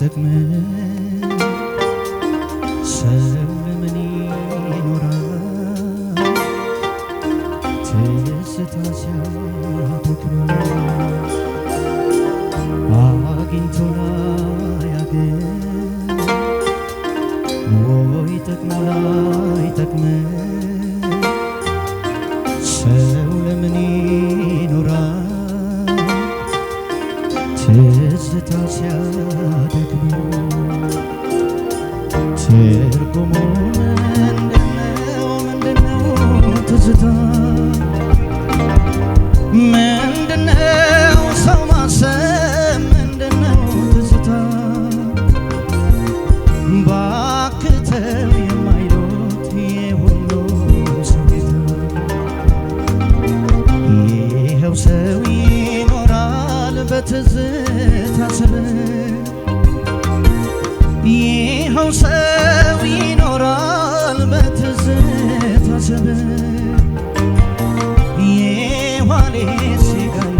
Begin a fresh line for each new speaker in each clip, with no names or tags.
ተጠቅመን ትዝታ ሲያደግም ትርጉሙ በትዝታ ስም ይኸው ሰው ይኖራል በትዝታ ስም የኋሌ ሲጋኝ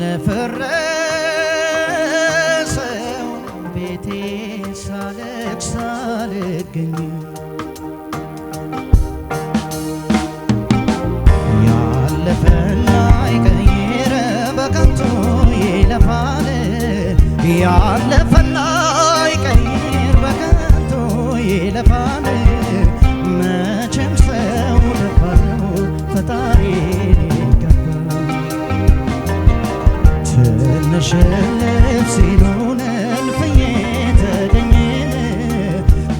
ለፈረሰው ቤቴ ሳለቅ ሳልገኝ ሸፍ ሲሉነን ፍዬ ተገኘ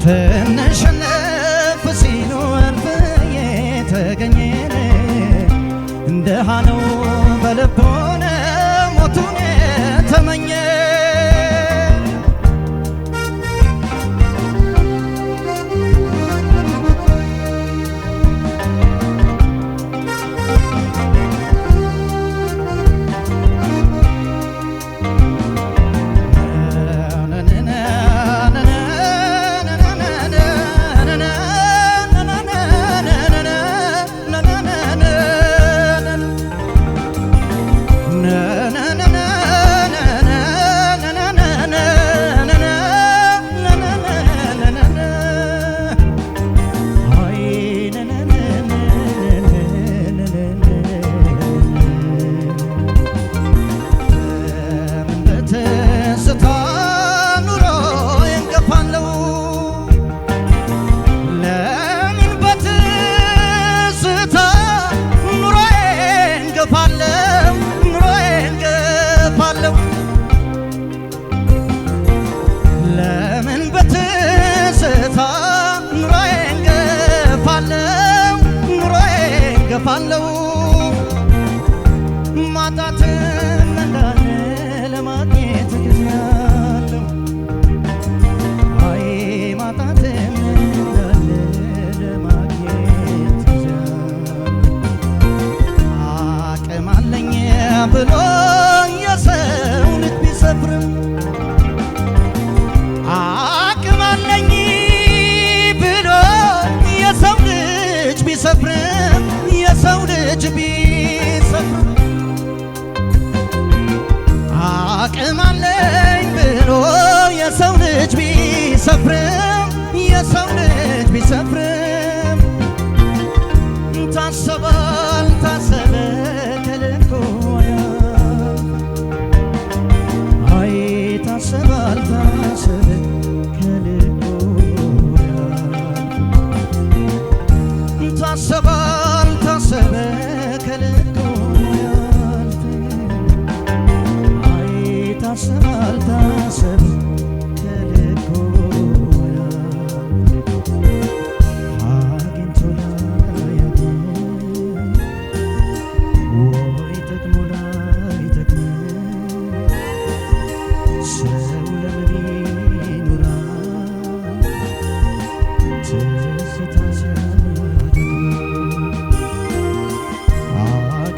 ተነሸነፍ ሲሉን ፍዬ ተገኘ እንደሃነው አልፋለሁ